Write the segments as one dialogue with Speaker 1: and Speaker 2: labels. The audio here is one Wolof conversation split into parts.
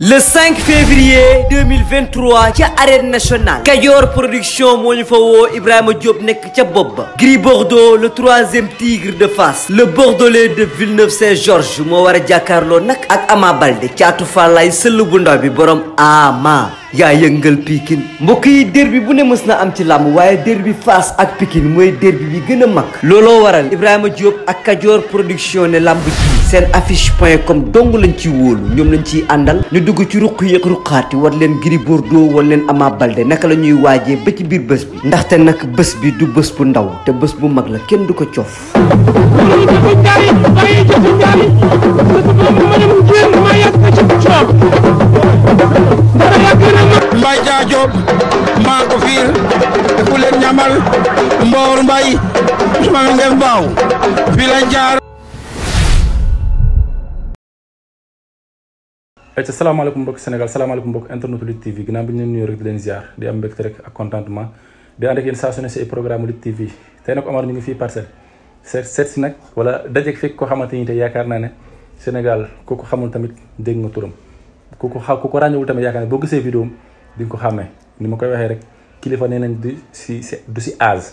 Speaker 1: le 5 février 2023 ca arène nationale Kajoor production moo ñu fa woo Ibrahima Diop nekk ca bopp ba Gris Bordeaux le troisième tigre de Fass le bordelais de Villeneuve Saint-Georges moo war a jàkkaarloo nag ak Ama Baldé caatu Fallaye sëll bu ndaw bi borom Ama yaa yëngal pikin mbokk yi derbi bu ne mës na am ci làmb waaye derbi Fass ak pikin mooy derbi bi gën a mag looloo waral Ibrahima Diop ak Kajoor production ne làmb ji seen affiche point com dong lañ ci wóolu ñoom lañ ciy àndal ñu dugg ci ruq yeeg ruqaati war leen Gris Bordeaux war leen Ama balde naka la ñuy waajee ba ci biir bës bi ndaxte nag bës bi du bés bu ndaw te bës bu mag la kenn du ko coof
Speaker 2: Mboor Mbay Ousmane Ngef Mbaaw
Speaker 3: fii mbokk Sénégal salaamaaleykum mbokk internet Lutte TV ginnaaw bi ñu leen nuyoo rek di leen ziar di am mbégte rek ak contentement di ànd ak si programme Lutte TV tey nag Omar ñu ngi fii parcelle seet si nag wala dajeg fekk ko xamante ni te yaakaar naa ne Sénégal ku ko xamul tamit dégg nga turam ku ko xa ku ko ràññewul tamit yaakaar ne boo gisee vidéo di nga ko xàmmee ni ma koy waxee rek kilifa nee nañ du si du si âge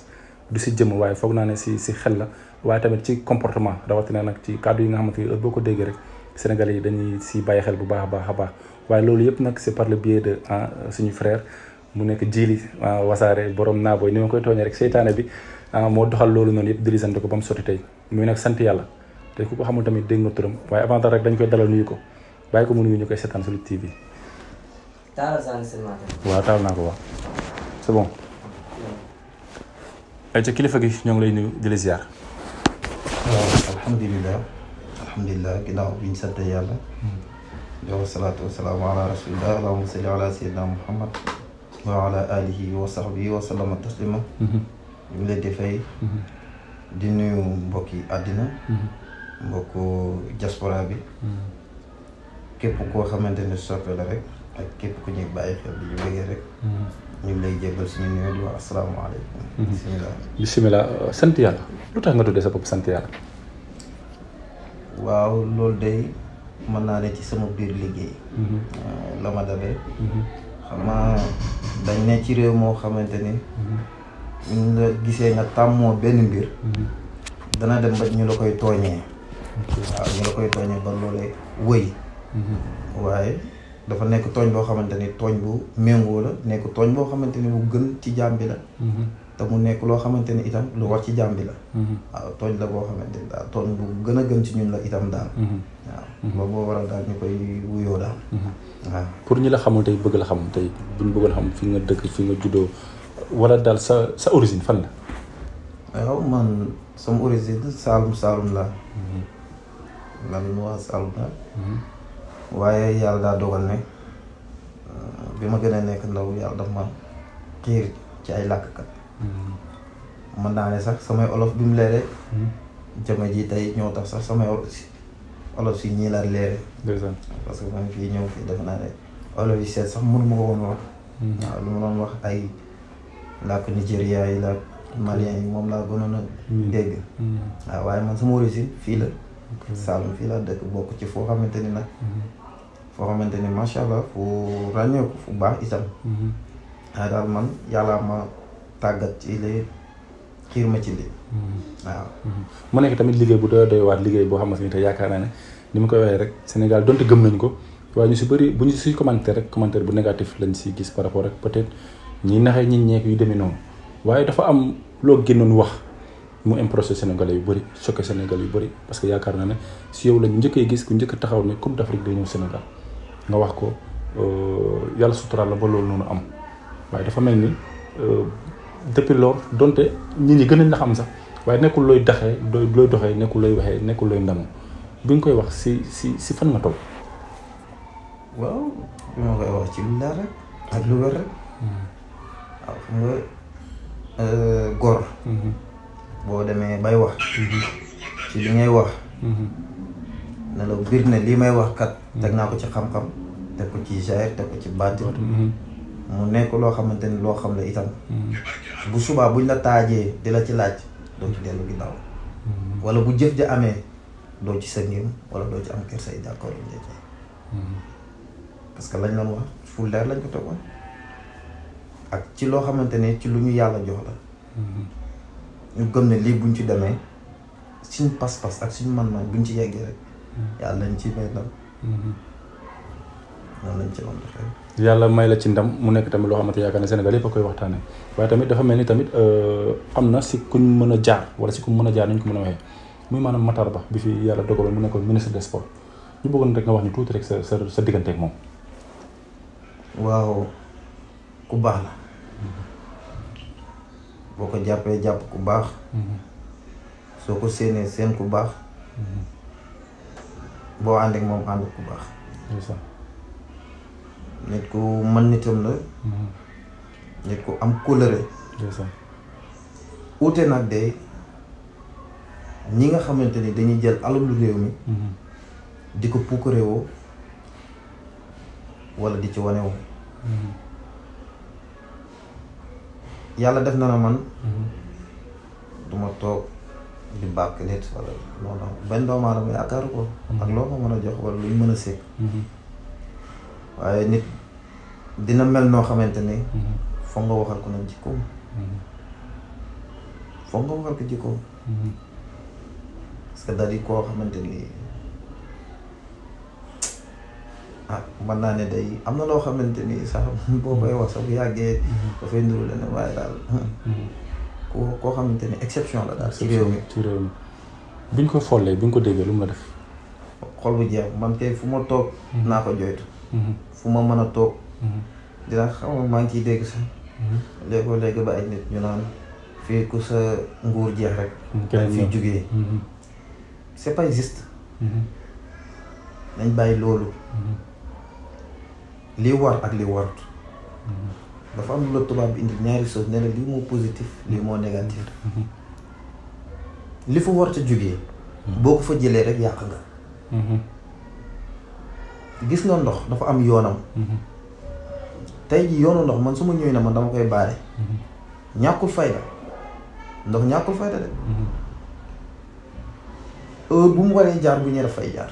Speaker 3: du si jëmm waaye foog naa ne si si xel la waaye tamit ci comportement rawatina nag ci kàddu yi nga xamante ni boo ko déggee rek sénégalais yi dañuy si bàyyi xel bu baax a baax a baax waaye loolu yëpp nag c'est par le biais de ah, suñu frère mu nekk jili ah, wasaare borom naabooy ni ma koy tooñee rek seytaane bi ah, moo doxal loolu noonu yëpp dirisante ko ba mu sotti tey muy nag sant yàlla te ku ko xamul tamit dégg nga turam waaye avant rek dañ koy dalal nuyu ko bàyyi ko mu nuyu ñu koy seetaan sur Lutte TV. taalal saa waaw taal naa ko waaw c'est ay eh, ca kilifa gi ñoo ngi lay nuyu di la ziar.
Speaker 4: alhamdulilah ginnaaw bi ñu sant yàlla. yow salaatu wa salaam ala rasulillah allahumma salli taslima. Mhm. ñu ngi leen di fay. Mhm. nuyu mbokki àddina. Mhm. mbokku diaspora bi. képp koo xamante ne soppe la rek ak képp ku ñuy bàyyi xel di ñu bëggee rek. ñu ngi lay jébbal suñu nuyoo di wax asalaamaaleykum.
Speaker 3: Mhm. bisimilah bisimilah sant yàlla lu tax nga tuddee sa bopp sant yàlla.
Speaker 4: waaw loolu de mën naa ne ci sama biir liggéey. Mhm. Euh, la ma dabee. Mhm. xam naa dañ ne ci réew moo xamante ni. ñu la gisee nga tàmmoo benn mbir. dana dem ba ñu la koy tooñee. waaw ñu la koy tooñee ba loolee wëy. waaye. dafa nekk tooñ boo xamante ni tooñ bu méngoo la nekk tooñ boo xamante ni bu gën ci jaam bi la mhm. te mu nekk loo xamante ni itam lu war ci jàmbi la mhm. waaw tooñ la boo xamante ni bu gën gën ci ñun la itam daal mhm. waaw boo waral ñu koy wuyoo
Speaker 3: pour ñi la xamul tey bëgg la xam tey buñ bëggoon xam fi nga dëkk fi nga juddoo wala daal sa sa origine fan la waaw man sama origine Saalum Saalum la
Speaker 4: lan waa Saalum daal waaye yàlla daa dogal ne euh, bi ma gën a nekk ndaw yàlla daf ma xiir ci ay làkkat
Speaker 2: mm-hmm.
Speaker 4: mën naa ne sax samay olof bi mu leere mm-hmm. jama ji tey ñoo tax sax samay olof si ñii laa leere parce que man fii ñëw fii def naa ne olof yi seet sax mënu ma ko woon wax mm-hmm. waaw lu ma doon wax ay làkk Nigéria yi làkk malien yi moom laa gënoon a dégg waaw waaye man sama origine fii la Saalum fii laa dëkk bokk ci foo xamante ni nag foo xamante ne macha allah fu ràññeeku fu baax itam. Mm-hmm. waaye daal man ma
Speaker 3: tàggat ci lii xiir ma ci lii. Mm-hmm. waaw. mu mm-hmm. nekk tamit liggéey bu doy waat liggéey boo xamante ni te yaakaar naa ne ni mu koy waxee rek Sénégal donte gëm nañ ko waaye ñu si bëri bu ñu si commentaire rek commentaire bu négatif lañ si gis par rapport ak peut ñi naxee ñi ñeek yu demee noonu waaye dafa am loo nu wax. mu impressé Sénégalais yu bëri choqué Sénégalais yu bëri parce que yaakaar naa ne si yow lañu njëkkee gis ku njëkk taxaw ne Coupe d'Afrique day ñëw Sénégal nga wax ko euh, yàlla suturaal la ba loolu noonu am waaye dafa mel ni euh, depuis lors donte nit ñi gën nañ la xam sax waaye nekkul looy daxee looy doxee nekkul looy waxee nekkul looy ndamu bi nga koy wax si si si fan nga toll. koy
Speaker 4: wax ci lu leer lu wér rek. Mm-hmm. Euh, mm-hmm. bay wax. Mm-hmm. ci li ngay wax. ne biir ne lii may wax kat. teg naa mm-hmm. ko ci xam-xam teg ko ci jair teg ko ci baatin mm-hmm. mu nekk loo xamante ni loo xam la itam
Speaker 2: mm-hmm.
Speaker 4: bu subaa buñ la taajee di la ci laaj doo ci dellu ginnaaw wala bu jëf ja amee doo ci sa ngim wala doo ci am kër say d'accord njëkk parce que lañ la wax fu lañ ko tegoon ak ci loo xamante ne ci lu ñu yàlla jox la ñu gëm ne lii buñ ci demee suñ pas-pas ak suñ man-man buñ ci yeggee rek yàlla lañ ci may
Speaker 2: noonu lañ ci mën a
Speaker 3: yàlla may la ci ndam mu nekk tamit loo xamante yaakaar ne Sénégal yëpp a koy waxtaanee waaye tamit dafa mel ni tamit euh, am na si kuñ mën a jaar wala si ku mën a jaar ni ñu ko mën a waxee muy maanaam Matar Ba bi fi yàlla dogaloon mu nekkoon ministre des sports ñu bëggoon rek nga wax ñu tuuti rek sa sa sa diggante ak moom. waaw ku baax la. Mm-hmm.
Speaker 4: boo ko jàppee jàpp ku baax. Mm-hmm. soo ko séenee seen ku baax.
Speaker 2: Mm-hmm.
Speaker 4: boo ànd ak moom ànd ku baax. nit ku mën nitam la. Mm-hmm. nit ku am kóllëre. uute nag de ñi nga xamante ni dañuy jël alalu réew mi. Mm-hmm. di ko puukare woo wala di ci wane
Speaker 2: mm-hmm.
Speaker 4: yàlla def na na man. du toog. di bàkk nit wala non benn doomu aadama yaakaaru ko. ak loo ko mën a jox wala lu ñu mën a sékk. Mhm. waaye nit dina mel noo xamante ni. Mhm. foog nga waxal ko nag jikkoom. Mhm. foog nga waxal ko jikkoom. koo xamante nii ah mën naa ne day am na loo xamante ni sax boo koy wax sax bu yàggee dafay nuru leneen waaye daal. pour koo xamante ne exception la daal ci réew mi ci réew mi bi ñu ko follee bi ñu ko déggee lu ma la def xol bu jeex man tey fu ma toog mhm. naa ko joytu mhm. fu ma mën a toog mhm. dina xam maa ngi ciy dégg sax léegoo léegi ba ay nit ñu naan fii ku sa nguur jeex rek dañ fi jógee c'est pas juste nañ bàyyi loolu li war ak li warut dafa am lu la tubaab indi ñaari chose ne la lii moo positif lii moo négatif li fa war a jógee boo ko fa jëlee rek yàq nga gis nga ndox dafa am yoonam tey ji yoonu ndox man su ma ñëwee na man dama koy baare ñàkkul fayda ndox ñàkkul fayda de heure bu mu waree jaar bu ñëwee dafay jaar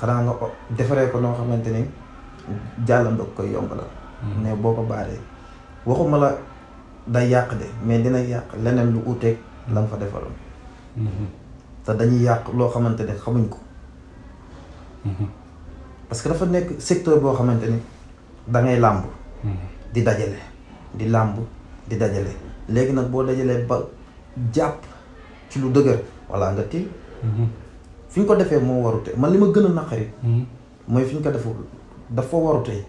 Speaker 4: xanaa nga defaree ko noo xamante ne jàllam da koy yombalal ne boo ko baaree waxuma la day yàq de mais dina yàq leneen lu uteeg la fa defaroon mhm. te dañuy yàq loo xamante ne xamuñ ko mhm. parce que dafa nekk secteur boo xamante ni dangay làmb mhm. di dajale di làmb di dajale léegi nag boo dajalee ba jàpp ci lu dëgër walla nga téye fi ñu ko defee moo warute man li ma gën a naqari mooy fi ñu ko deful dafa warute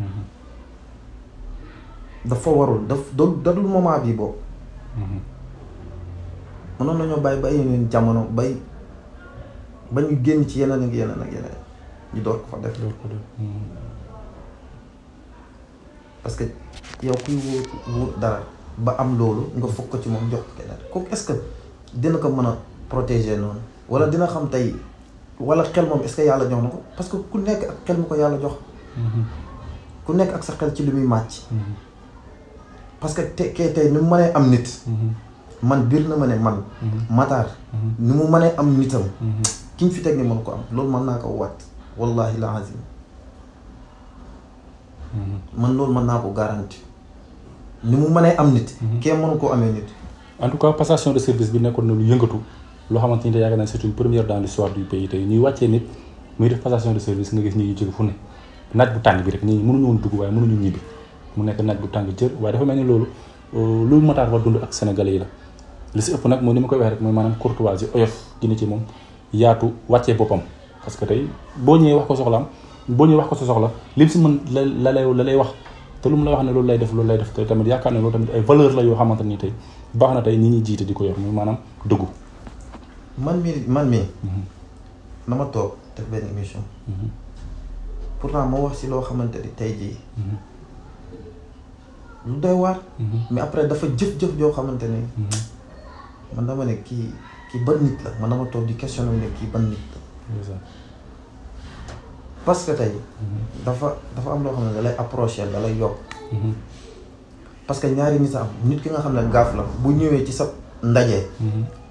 Speaker 4: Mm-hmm. dafa warul daf dadul moment bi boobu mm-hmm. mënoon nañoo bàyyi ba yeneen jamono bay ba ñu génn ci yeneen ak yeneen ak yeneen ñu door ko fa def door ko def mm-hmm. parce que yow kuy wóor wóor dara ba am loolu nga fokk ko ci moom jox ko keneen kooku dina ko mën a protéger noonu wala dina xam tey walla xel moom est-ce yàlla jox na ko parce que ku nekk ak xel mu ko yàlla jox ku nekk ak sa xel ci li muy màcc. Mhm. parce que te kay tey ni mu mënee am nit. Mhm. man biir na ma ne man. Mhm. Matar. ni mu mënee am nitam. ki fi teg ni mën ko am loolu mën naa ko waat wallahi la azim man loolu ko garanti
Speaker 3: ni mu mënee am amee nit. en passation de service bi nekkoon na lu yëngatu loo xamante ni te yaakaar naa c'est une première dans l'histoire du pays tey ñuy wàccee nit muy def passation de service nga gis ñi ñu fu ne. naaj bu tàng bi rek ñi mënuñu woon dugg waaye mënuñu ñibbi mu nekk naaj bu tàng jër waaye dafa mel ni loolu euh, lu Matar war dund ak sénégalais yi la li si ëpp nag moom ni ma koy waxee rek mooy maanaam courtoisie oyof dina ci moom yaatu wàccee boppam parce que tey boo ñëwee wax ko soxlaam boo ñëwee wax ko sa soxla lim si mën la la lay la lay wax te lu mu la wax ne loolu lay def loolu lay def te tamit yaakaar ne loolu tamit ay valeur la yoo xamante ni tey baax na tey ñi ñuy jiite di ko yor muy maanaam dëggu man mi man mi mhm. na
Speaker 4: ma toog def benn émission mhm. pour pourtant moo wax si loo xamante ni tey jii. Mhm. lu doy waar. Mhm. mais après dafa jëf-jëf joo xamante ni. Mhm. man dama ne kii kii ban nit la man dama toog di questionner ne kii ban nit la. parce que tey. dafa dafa am loo xam ne da lay approché da yokk. parce que ñaari nit am nit ki nga xam ne gaaf la bu ñëwee ci sa ndaje.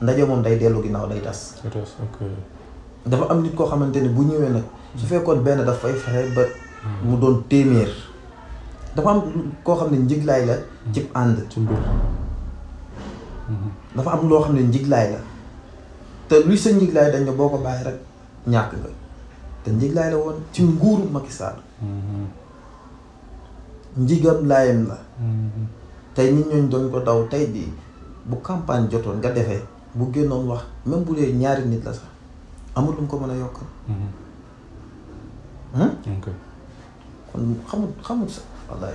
Speaker 4: ndaje moom day dellu ginnaaw day tas. dafa am nit koo xamante ni bu ñëwee nag. su fekkoon benn daf fay fexe ba mu doon téeméer dafa am koo xam ne njiglaay la cib ànd ci mbir dafa am loo xam ne njiglaay la te luy sa njiglaay dañ ne boo ko bàyyi rek ñàkk nga te njiglaay la woon ci nguuru Macky Sall njigam laayam la tey nit ñooñ doon ko daw tey di bu campagne jotoon nga defe bu génnoon wax même bu dee ñaari nit la sax amul ko mën a yokkal hum xamul xamul sax
Speaker 3: wallaay.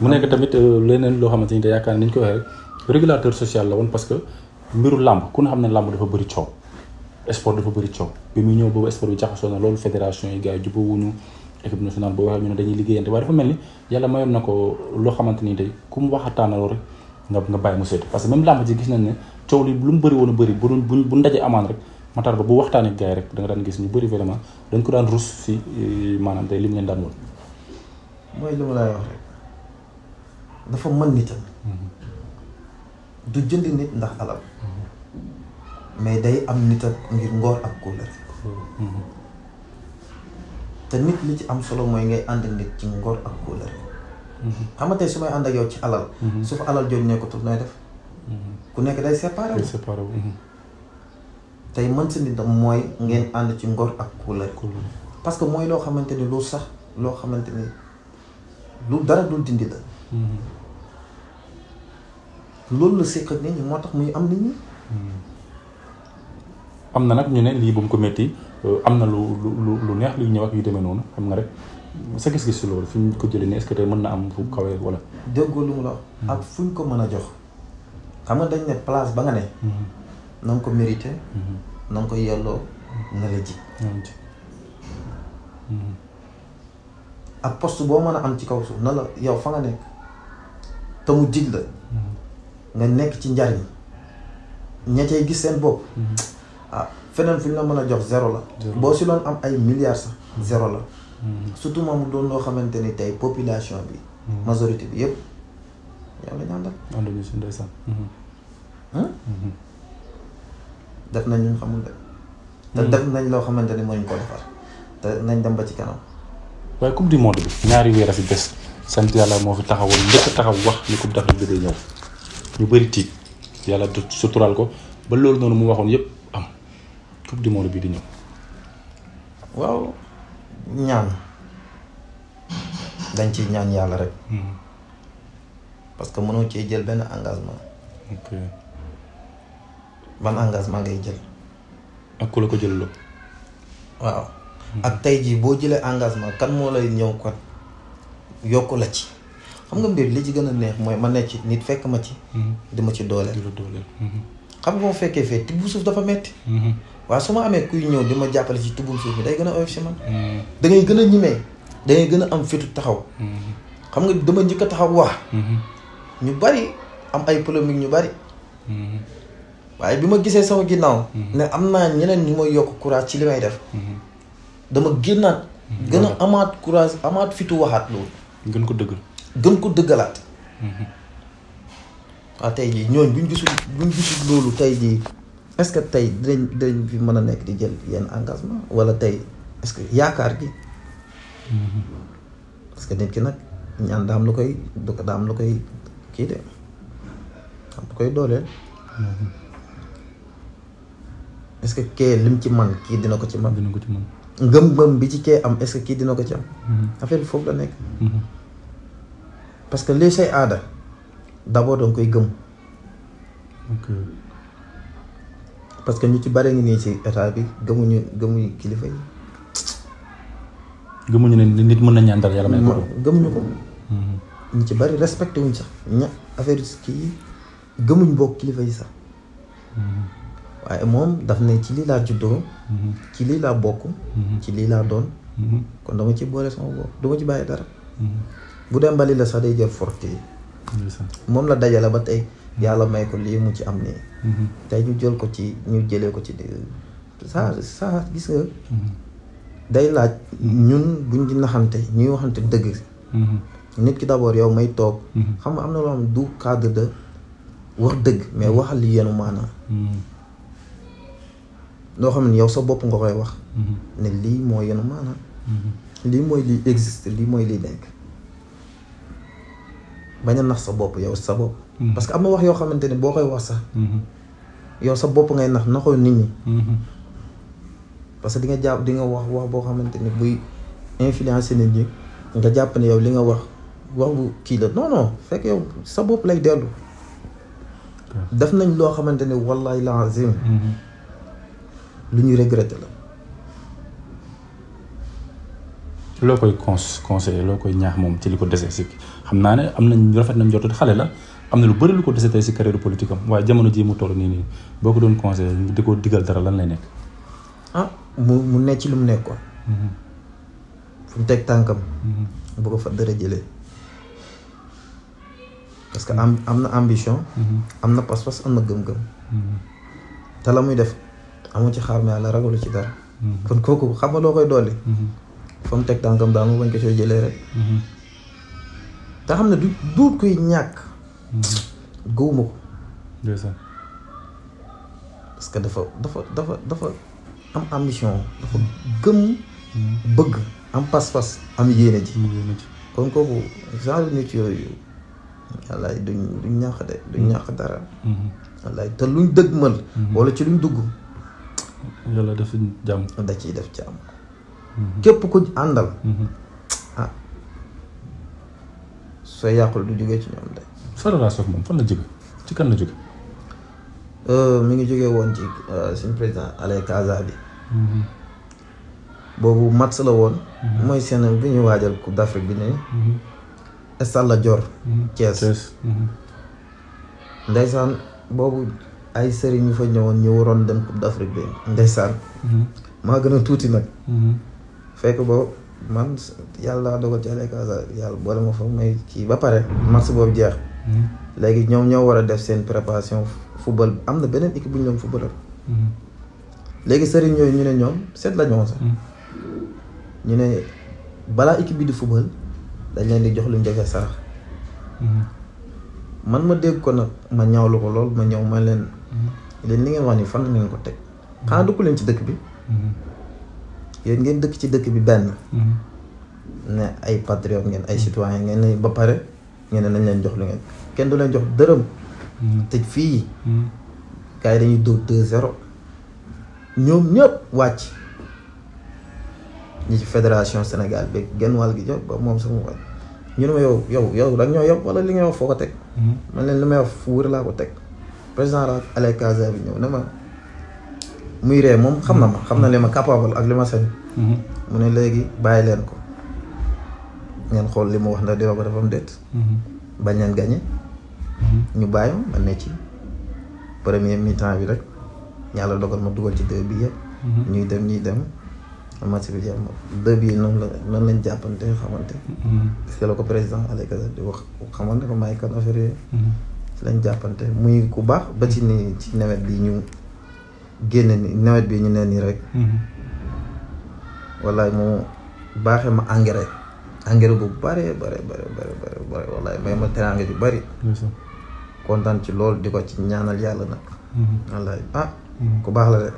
Speaker 3: mu nekk tamit euh, leneen loo xamante ni te yaakaar nañ ko waxee régulateur social la woon parce que mbiru làmb ku ne xam ne làmb dafa bëri coow. sport dafa bëri coow bi mu ñëw boobu sport bi jaxasoo na loolu fédération yi gars yi jubóowuñu équipe nationale boo waxee ñu ne dañuy liggéeyante waaye dafa mel ni yàlla mayoon na ko loo xamante ni tey ku mu waxataanaloo rek nga nga bàyyi mu seet parce que même làmb ji gis nañ ne coow lu mu bëri woon bu doon bu bu ndaje amaan Matar Ba bu waxtaan ak gars yi rek da daan gis ñu bëri vraiment dañ ko daan rus si euh, maanaam tey lim leen daan woon.
Speaker 4: mooy li ma laay wax rek dafa mën nitam. Mm-hmm. du jënd nit ndax alal. Mm-hmm. mais day am nit ak ngir ngor ak kóllëre. Mm-hmm. te nit li ci am solo mooy ngay ànd nit ci ngor ak kóllëre. xam su may ànd ak yow ci alal. su fa alal jooju nekkatul nooy def. ku nekk day séparé tey mën sa nit mooy ngeen ànd ci ngor ak couleur parce que mooy loo xamante ni lu sax loo xamante ni lu dara dul dindi la
Speaker 3: loolu la séq ak moo tax muy am nit am na nag ñu ne lii bu mu ko métti am na lu lu lu neex luy ñëw ak yu demee noonu xam nga rek sa gis-gis si loolu fi ñu ko jëlee ne est mën na am fu kawee wala déggoo lu mu la hmm. ak fu ñu ko mën a jox xam nga dañ ne place ba nga ne hmm.
Speaker 4: na nga ko mérité. Mhm. na nga ko yelloo na la ji. Mhm. ak poste boo mën a am ci kaw suuf na la yow fa nga nekk te mu jig la. Mhm. nga nekk ci njariñ ña cay gis seen bopp. ah feneen fi ñu la mën a jox zéro la. boo si loon am ay milliards sax zéro la. surtout moom doon loo xamante ni tey population bi. majorité bi yëpp yow la ñu àndal. àndal ñu si def nañ luñ xamul de. Hmm. nañ loo xamante ni mënuñ ko defar
Speaker 3: te nañ dem ba ci kanam. waaye coupe du monde bi ñaari weer a fi des sant yàlla moo fi taxawal taxaw wax ni coupe d'Afrique bi day ñëw ñu bëri tiit yàlla du suturaal ko ba loolu noonu mu waxoon yépp am coupe du monde bi di ñëw. waaw ñaan dañ ci ñaan yàlla rek.
Speaker 2: Hmm.
Speaker 4: parce que mënoo cee jël benn engagement. ban engagement ngay jël.
Speaker 3: ak ku la ko jël loo.
Speaker 4: waaw hmm. ak tey jii boo jëlee engagement kan moo lay ñëw ko yokku la ci xam nga mbir li ci gën a neex mooy ma ne ci nit fekk ma ci. Hmm. di ma ci dooleel. Hmm. xam nga bu fekkee fee tibb suuf dafa metti waaw su ma amee kuy ñëw di ma jàppale ci tibbum suuf mi day gën a oyof si man. da ngay gën a ñimee da gën am fitu taxaw. xam nga dama njëkk a taxaw wax. ñu bari am ay polémique ñu bari. waaye bi ma gisee sama ginnaaw. Mhm. ne am naa ñeneen ñu may yokk courage ci li may def. Mhm. dama génnaat. Mhm. gën a amaat courage amaat fitu waxaat loolu. gën ko dëggal. gën ko dëggalaat. waa tey jii ñooñ buñ gisul buñ gisul loolu tey jii est-ce que tey dinañ dinañ fi mën a nekk di jël yenn engagement walla tey est que yaakaar gi. parce que nit ki nag ñaan daam lu koy daam lu koy kii de daam lu koy dooleel. est-ce que kee lim ci man kii dina ko ci man dina ci man ngëm-ngëm bi ci kee am est-ce que kii dina ko ci am mhm. affaire bi foofu la nekk mhm. parce que lii say aada d'abord danga koy gëm parce que ñu ci bare ngi nii ci état bi gëmuñu gëmuñu kilifa yi
Speaker 3: gëmuñu ne nit mën na ñaan dara yàlla may ko
Speaker 4: gëmuñu ko mhm. ñu ci bari respecté wuñ sax ña kii yi gëmuñ bokk kilifa yi sax waaye moom daf ne ci lii laa juddoo. Mhm. ci lii laa bokk. Mhm. ci lii laa doon. Mhm. kon dama ci boole sama bopp duma ci bàyyi dara. bu dee mbali la sax day jël forte yi. moom la dajale ba tey yàlla may ko lii mu ci am nii. tey ñu jël ko ci ñu jële ko ci saa saa gis nga. day laaj ñun buñ di naxante ñuy waxante dëgg. nit ki d'abord yow may toog. xam nga am na loo xam du cadre de wax dëgg mais waxal yenu maanaa. loo xam ne yow sa bopp nga koy wax. Mhm. ne lii moo yenu maanaam. Mhm. lii mooy lii existe lii mooy lii nekk. bañ a nax sa bopp yow sa bopp. Mhm. parce que am na wax yoo xamante ne boo koy wax sax. yow sa bopp ngay nax naxoo nit ñi. parce que di nga jàpp di nga wax wax boo xamante ne buy influencer nit ñi nga jàpp ne yow li nga wax wax bu kii la non non fekk yow sa bopp lay dellu. def nañ loo xamante ne wallahi lazim lu ñuy regretter la.
Speaker 3: loo koy cons conseiller loo koy ñaax moom ci li ko dese si xam naa ne am nañ rafet nañ jotat xale la am na lu bari lu ko dese tey si carrière politique am waaye jamono jii mu toll nii nii boo ko doon conseiller di ko digal dara lan lay nekk.
Speaker 4: ah mu mu ne ci lu mu nekkoon. Mm-hmm. fu mu teg tànkam. Mm-hmm. bu ko fa dara jëlee. parce que am am na ambition. Mm-hmm. am na pas-pas am na gëm-gëm. te la muy def amu ci xaar yàlla ragalu ci dara. Mhm. kon kooku xam nga loo koy dolli. Mhm. fa mu teg tànkam daal mu bañ ko cooy jëlee rek. Mhm. te xam ne du duut koy ñàkk. que dafa dafa dafa dafa am ambition dafa gëm. bëgg am pas-pas am yéene ji. kon kooku genre nit yooyu wallaay duñ ñàkk de duñ ñàkk dara. wallaay te luñ dëgmal. wala ci luñ dugg. yàlla def ci jàmm. da ciy def jàmm. Mm-hmm. képp ku àndal. Mm-hmm. ah soo yàqul du jóge ci ñoom de. sa relation moom fan la jóge ci kan la jóge. Euh, mi ngi jóge woon ci euh, suñ président Alay Kaza bi.
Speaker 2: Mm-hmm.
Speaker 4: boobu match la woon. mooy seen bi ñu waajal Coupe d'Afrique bi
Speaker 2: ne.
Speaker 4: Stade Lat Dior. Thiès. ndeysaan boobu. ay sëriñ yu fa ñëwoon ñu waroon dem Coupe d'Afrique bi ndeysaan mhm. maa gën a tuuti nag mhm. fekk boobu man yàlla dogal ci Allez yàlla boole ma fa may kii ba pare match boobu jeex mhm. léegi ñoom ñoo war a def seen préparation football am na beneen équipe bu ñu doon footballal léegi sëriñ yooyu ñu ne ñoom seet la ñoon sax ñu ne balaa équipe bi di football dañ leen di jox luñ defee sarax man ma dégg ko nag ma ñaawlu ko lool ma ñëw ma leen mhm. leen li ngeen wax ni fan ngeen ko teg mhm. xanaa dëkku leen ci dëkk bi mhm. yéen ngeen dëkk ci dëkk bi benn ne ay patriote ngeen ay citoyen ngeen ne ba pare ngeen ne nañ leen jox lu ngeen kenn du leen jox dërëm te fii gars dañuy dóor deux zéro ñoom ñëpp wàcc ñi ci fédération Sénégal bi genn wàll gi jox ba moom sama wàcc ñu ne ma yow yow yow da ñoo yow wala li nga wax foo ko teg. Mm-hmm. man leen li ma wax fu wër laa ko teg président la Alay Kaza bi ñëw ne ma muy ree moom xam na ma mm-hmm. xam na li ma capable ak li ma sañ. Mm-hmm. mu ne léegi bàyyi leen ko ngeen xool li mu wax ndax dina ko defam déet. bañ leen gañe ñu bàyyi ma ne ci premier mi-temps bi rek la dogal ma dugal ci deux bi yëpp. ñuy dem ñuy dem. match bi jeex na deux bii noonu la noonu lañ jàppante xamante. Mm-hmm. parce la ko président Alioune Kase di wax xamal ne ko maay kan affaire mm-hmm. ci lañ jàppante muy ku baax ba ci ni ci nawet bi ñu génne ni nawet bi ñu ne nii rek. Mm-hmm. wallaay mu baaxee ma engrais. engrais bu bare bare bare bare bare wallaay may ma teraanga ju bari. kontaan ci loolu di ko ci ñaanal yàlla nag. wallaay ah. ku baax la de.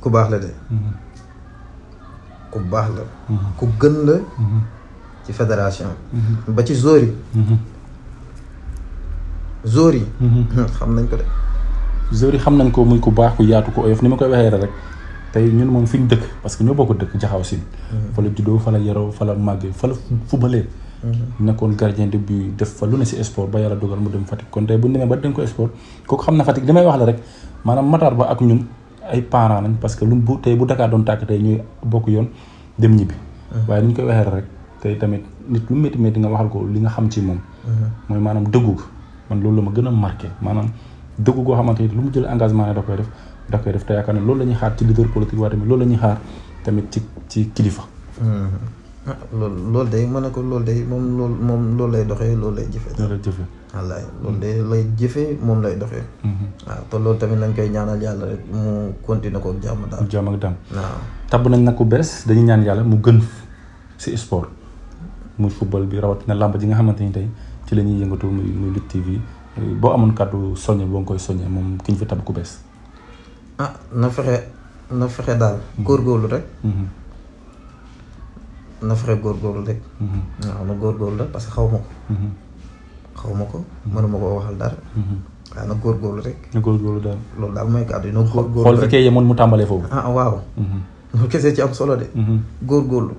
Speaker 4: ku baax la de. ku baax la mm-hmm. ku gën la mm-hmm. ci fédération
Speaker 2: mm-hmm.
Speaker 4: ba ci zori
Speaker 3: zori xam nañ ko de zori xam nañ ko muy ku baax ku yaatu ku oyof ni ma koy waxee rek tey ñun moom fi ñu dëkk parce que ñoo bokk dëkk jaxaw si fa la juddoo fa la yaroo fa la màggee fa la fubalee nekkoon def fa lu ne si sport ba yàlla dogal mu dem Fatick kon tey bu ñu ba dénk ko sport kooku xam na Fatick damay wax la rek maanaam Matar Ba ak ñun ay parent lañ parce que lu bu tey bu Dakar doon tàkk tey ñuy bokk yoon dem ñibbi. waaye ni ñu koy waxee rek tey tamit nit lu métti métti nga waxal ko li nga xam ci moom. mooy maanaam dëggu man loolu la ma gën a marqué maanaam dëggu goo xamante ni lu mu jël engagement ne da koy def da koy def te yaakaar ne loolu la ñuy xaar ci leader politique waaye tamit loolu la xaar tamit ci ci kilifa.
Speaker 4: ah loolu loolu day mën na ko loolu de moom loolu moom loolu lay doxee loolu lay jëfee. loolu lay jëfee. wallaay loolu day lay jëfee moom lay doxee. waaw mhm. ah, te loolu tamit lañ koy ñaanal yàlla rek mu continuer ko
Speaker 3: jàmm daal. jàmm ak daam waaw. tabb nañ nag ku bees dañuy ñaan yàlla mu gën si sport muy football bi na làmb ji nga xamante ni tey ci la ñuy yëngatu muy muy Lutte TV boo amoon kàddu soññe boo ngi koy soññee moom ki ñu fi tabb ku bees.
Speaker 4: Ah, na fexe na fexe daal mhm. góorgóorlu rek. Mhm. na fexe góorgóorlu rek. nga xam ne góorgóorlu la parce que xaw ma ko. Mhm. xaw ma ko mhm. mënuma koo waxal dara. Mhm. waaw na góorgóorlu rek. na góorgóorlu daal loolu daal mooy kàddu yi na mu tàmbalee foofu. ah, ah loolu kese ci am solo de. góorgóorlu.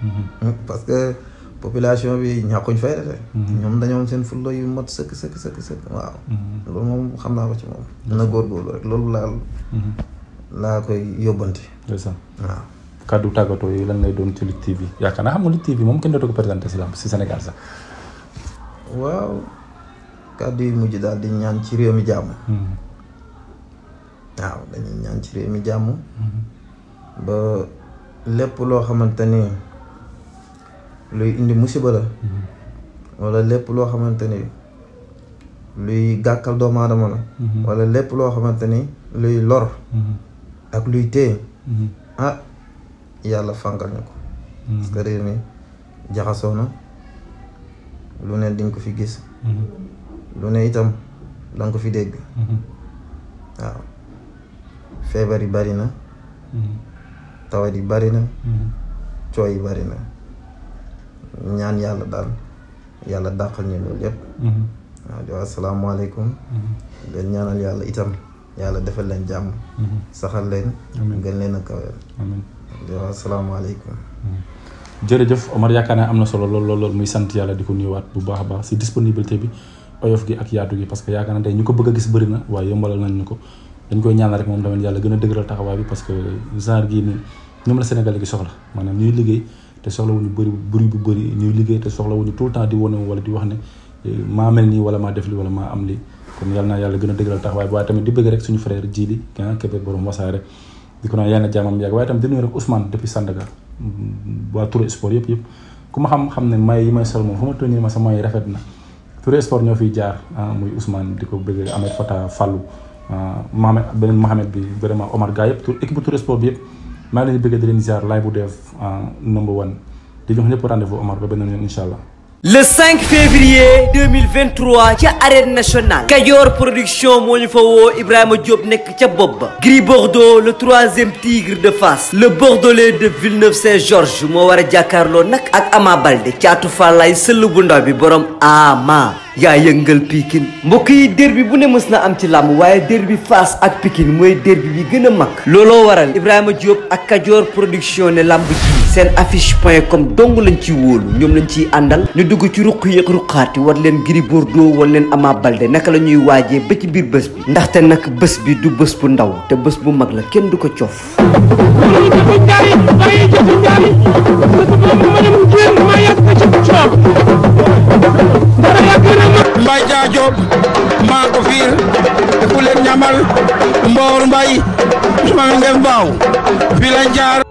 Speaker 4: Hmm, parce que population bi ñàkkuñ fay ñoom dañoo seen fulla yu mat sëkk sëkk sëkk sëkk waaw. loolu moom xam naa ko ci
Speaker 3: moom. laa koy yóbbante. waaw. kàddu tàggatoo yi lan lay doon ci Lutte TV yaakaar naa xam nga Lutte TV moom kenn dootu ko présenté si si Sénégal sax.
Speaker 4: waaw kàddu yu mujj daal di ñaan ci réew mi jàmm. Hmm. waaw ñaan ci réew hmm. ba lépp loo xamante ni luy indi musiba la. Hmm. wala lépp loo xamante ni luy gàkkal doomu aadama la. wala lépp loo xamante ni luy lor. ak luy téye. Ah, yàlla fànkal ñu ko hmm. parce que réew jaxasoo na lu ne diñ ko fi gis hmm. lu ne itam danga ko fi dégg
Speaker 2: hmm. waaw
Speaker 4: feebar yi bari na tawat yi bari na cooy yi bari na ñaan yàlla daal yàlla dàqal ñu loolu yépp waaw di asalaamaaleykum ngeen ñaanal yàlla itam
Speaker 3: yàlla defal leen jàmm saxal leen gën leen a kaweel waaw asalaamaaleykum. jërëjëf Omar yaakaar naa am na solo lool lool lool muy sant yàlla di ko nuyuwaat bu baax a baax si disponibilité bi oyof gi ak yaatu gi parce que yaakaar naa tey ñu ko bëgg a gis bëri na waaye yombalal nañ ñu ko dañ koy ñaanal rek moom tamit yàlla gën a dëgëral taxawaay bi parce que genre gii nii ñoom la Sénégal gi soxla maanaam ñuy liggéey te soxlawuñu bëri bëri bu bëri ñuy liggéey te soxlawuñu tout le temps di wane wala di wax ne eh, wala maa def li wala maa am li kon yàlla naa yàlla gën a dëgëral taxawaay bi waaye tamit di bëgg rek suñu frère Djily Kébé borom di ko naan yàlla na jàmmam yàgg waaye itam di nuyu rek Ousmane depuis Sandaga waa Touré Sport yëpp yëpp ku ma xam xam ne may yi may sol moom fu ma tënee ma sa may rafet na Touré Sport ñoo fiy jaar ah, muy Ousmane di ko bëgg Ahmed Fata Fallou ah, Mohamed beneen Mohamed bi vraiment Omar Gaye yëpp tur équipe Touré Sport bi yëpp maa ngi leen di bëgg di leen ziar laay bu def ah, number one di jox ñëpp rendez-vous Omar ba beneen yoon incha allah.
Speaker 1: le 5 février 2023 ca arène nationale Kajoor production moo ñu fa woo Ibrahima Diop nekk ca bopp ba Gris Bordeaux le troisième tigre de Fass le bordelais de Villeneuve-Saint-Georges moo war a jàkkaarloo nag ak Ama Balde caatu Fallaye sëll bu ndaw bi borom Ama yaa yëngal pikin mbokk yi derbi bu ne mës na am ci làmb waaye derbi Fass ak pikin mooy derbi bi gën a mag looloo waral Ibrahima Diop ak Kajoor production ne làmb ji seen affiche point com dong lañ ci wóolu ñoom lañ ciy àndal ñu dugg ci ruq yeeg ruqaati war leen Gris Bordeaux war leen Ama Baldé naka la ñuy waajee ba ci biir bés bi ndaxte nag bés bi du bés bu ndaw te bés bu mag la kenn du ko coof
Speaker 2: Mbaye Dia Diop maa ko fiir ku leen ñamal Mboor Mbaye Ousmane Ngem Mbaaw fii lañ jaar